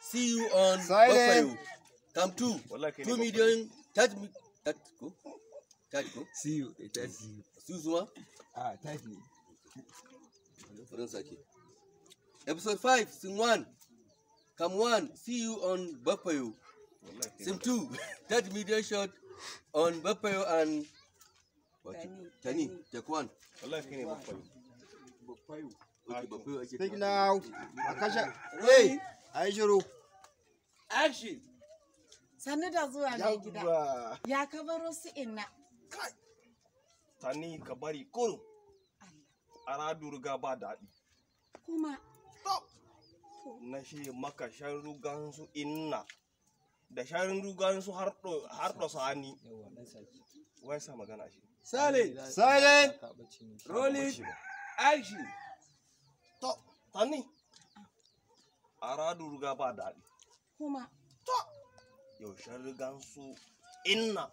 See you on buffalo Come to two million touch me. Touch go. Touch go. See you. Touch eh, you. See you Zuma. Ah, touch ah, me. Episode five, Scene one. Come one, See you on Scene two, Touch million shot on buffalo and. Tani. Take Take now. Hey. Ai shiru. Action. Sannu da zuwa mai gida. Ya ka baro su inna. Sani ka bari kuru. Ara durga ba daɗi. Kuma. Stop. Na shi maka shan rugan su inna. Da shan rugan su har da sani. Wai sa magana shi. Sale. Sale. Roli. Action. To, Sani. a radu ba daɗi kuma to yaushen rigansu inna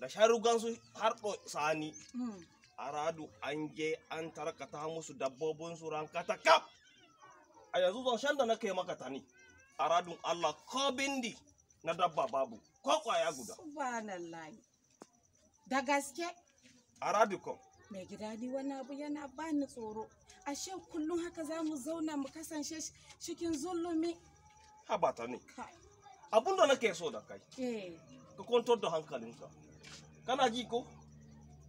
da sharugansu har sani mm. a radu an je an tarkata musu dabbobinsu rankata kaf a yanzu zaushen da na kai maka tani a radun allah ko bindi na dabba babu ko y'a guda subhanallah da gaske a radu mai gida ni wani abu yana bani tsoro ashe kullum haka za mu zauna mu kasance cikin zulumi ba ta ne abun da nake so da kai eh. ka kwantar da hankalinka kana ji ko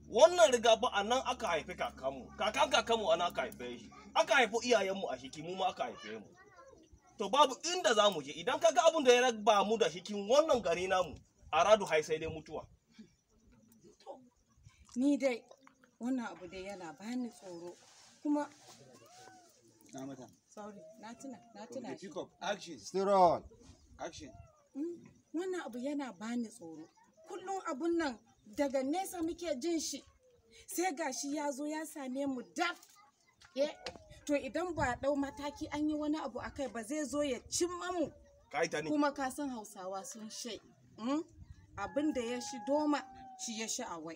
wannan riga ba a nan aka haifi kakanmu kakan kakanmu a nan aka haife shi aka haifi iyayenmu a shiki mu ma aka haife mu to babu inda za mu je idan ka ga abin da ya raba mu da shikin wannan gari namu a radu hai sai dai mutuwa ni dai wannan abu dai yana bani tsoro kuma hmm? wannan abu yana bani tsoro kullum abun nan daga nesa muke jin shi sai gashi ya zo ya same mu daf to idan ba dau mataki an yi wani abu a kai ba zai zo ya cimma mu kuma ka san hausawa sun shai hmm? abin da ya shi doma shi ya shi awai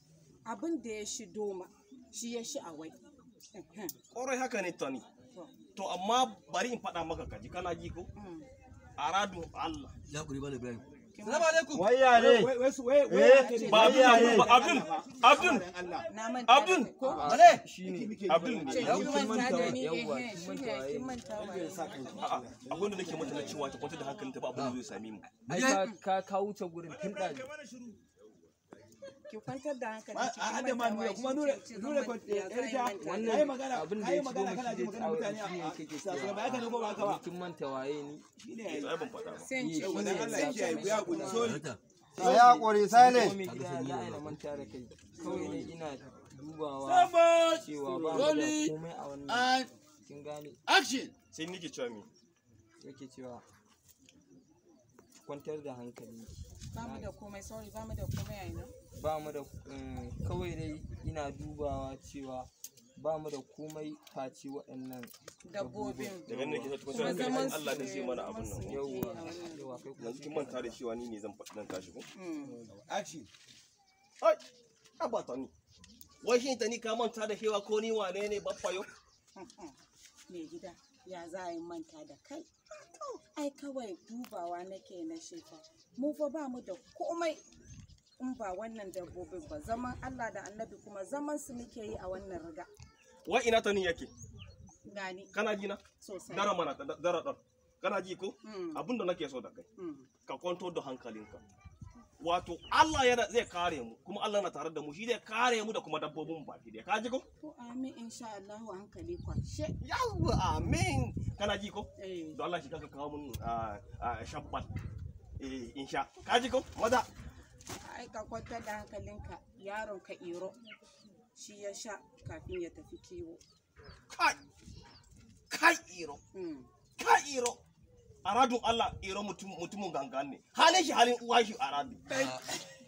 abin da ya shi doma shi ya shi awai ƙorai haka ne tani to amma bari in faɗa maka kaji kana ji ko a radu Allah ya kuri bane Ibrahim Salamu alaikum. Waya ne? Ba abin ba abin abin abin wale abin ne. Abin da nake mata na cewa ta kwanta da hankalinta ba abin da zai same mu. Ka ka wuce gurin tun ɗazu. ki kwantar da hankali a hada ma nura kuma nura nura ko yarja wannan magana abin da ya magana kana ji magana mutane a kake sa ba haka ne ba haka ba kin manta waye ni shine ai ban ba sai ce wannan Allah ya sai ya kore silent ina manta da kai kawai ne ina dubawa cewa ba komai a wannan kin gane action sai nike cewa me yake cewa kwantar da hankali ba mu da komai sorry ba mu da komai a ina ba mu da eh, kawai dai ina dubawa cewa ba mu da komai face waɗannan dabbobin da nan kisa tukun sai kan Allah ta zai mana abin nan yawa yawa kai kuma kin manta da cewa ni ne zan faɗi nan tashi ko hmm. aci ai abata ni wai shin ta ni ka manta da cewa ko ni wane ne babba yo me gida ya za a yi manta da kai ai kawai dubawa nake na shefa mu fa ba mu da komai in ba wannan dabbobin ba zaman Allah da annabi kuma zaman su muke yi a wannan riga wa ina ta ni yake gani kana ji na sosai dara mana dara dar kana ji ko hmm. abin da nake so da kai hmm. ka kwanto da hankalinka wato Allah yana zai kare mu kuma Allah na tare da mu shi zai kare mu da kuma dabbobin baki da ka ji ko to amin insha Allah hankali kwashe yawa amin kana ji ko eh. don Allah shi kaka kawo mun ah, ah, shabbat eh insha ka ji ko maza ai ka kwantar da hankalinka yaron ka iro shi ya sha kafin ya tafi kiwo kai kai iro hmm. kai iro aradu Allah iro mutum mutumin gangan ne halin shi halin uwa shi aradu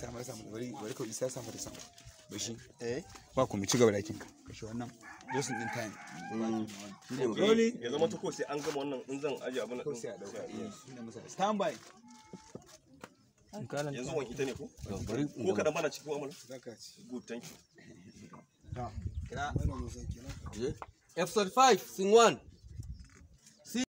samu samu bari ba ku mu ci gaba ka wannan dosin din time dole ya zama ta an gama wannan in zan aje abin ko sai a dauka ina masa stand by yanzu wani ita ne ko ko ciki zaka ci good thank you sing 1